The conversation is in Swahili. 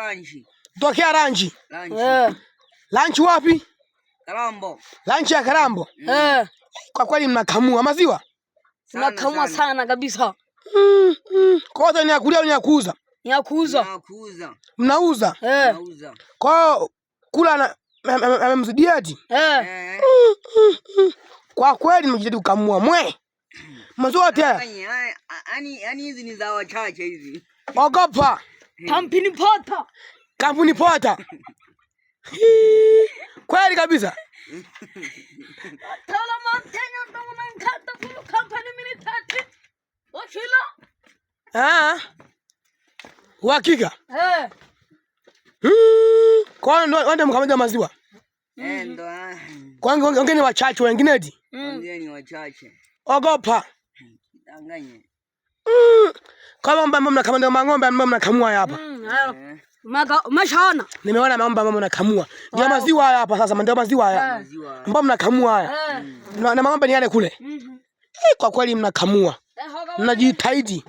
ranji. Tokea ranji. Ranji. Eh. Ranji wapi? Karambo. Ranji ya Karambo. Mm. Eh. Kwa kweli mnakamua maziwa? Mnakamua sana, sana kabisa. Mm, mm. Kwa hiyo ni ya kulia au ni ya kuuza? Ni ya kuuza. Ni Mnauza? Eh. Mnauza. Kwa hiyo kula na amemzidia ati? Eh. eh. Mm, Kwa kweli mjitahidi kukamua mwe. Mazote. Yaani, yaani yaani hizi ni za wachache hizi. Ogopa. Kampuni pota. Kampuni pota. Kweli kabisa. Haa. Uhakika? Hmm. Hmm. Eh. Kwa nini wende mkamja maziwa? Endo. Kwa nini wengine wachache wengine eti? Wengine wachache. Ogopa. Danganye. Kama mbamba mnakamua mang'ombe ambayo mnakamua hapa. Mm, umeshaona? Nimeona mamba ambao mnakamua. Ndio maziwa haya hapa sasa, ndio maziwa haya. Eh. Ambao mnakamua haya. Eh. Na mang'ombe ni yale kule. Mhm. Eh, kwa kweli mnakamua. Mnajitahidi.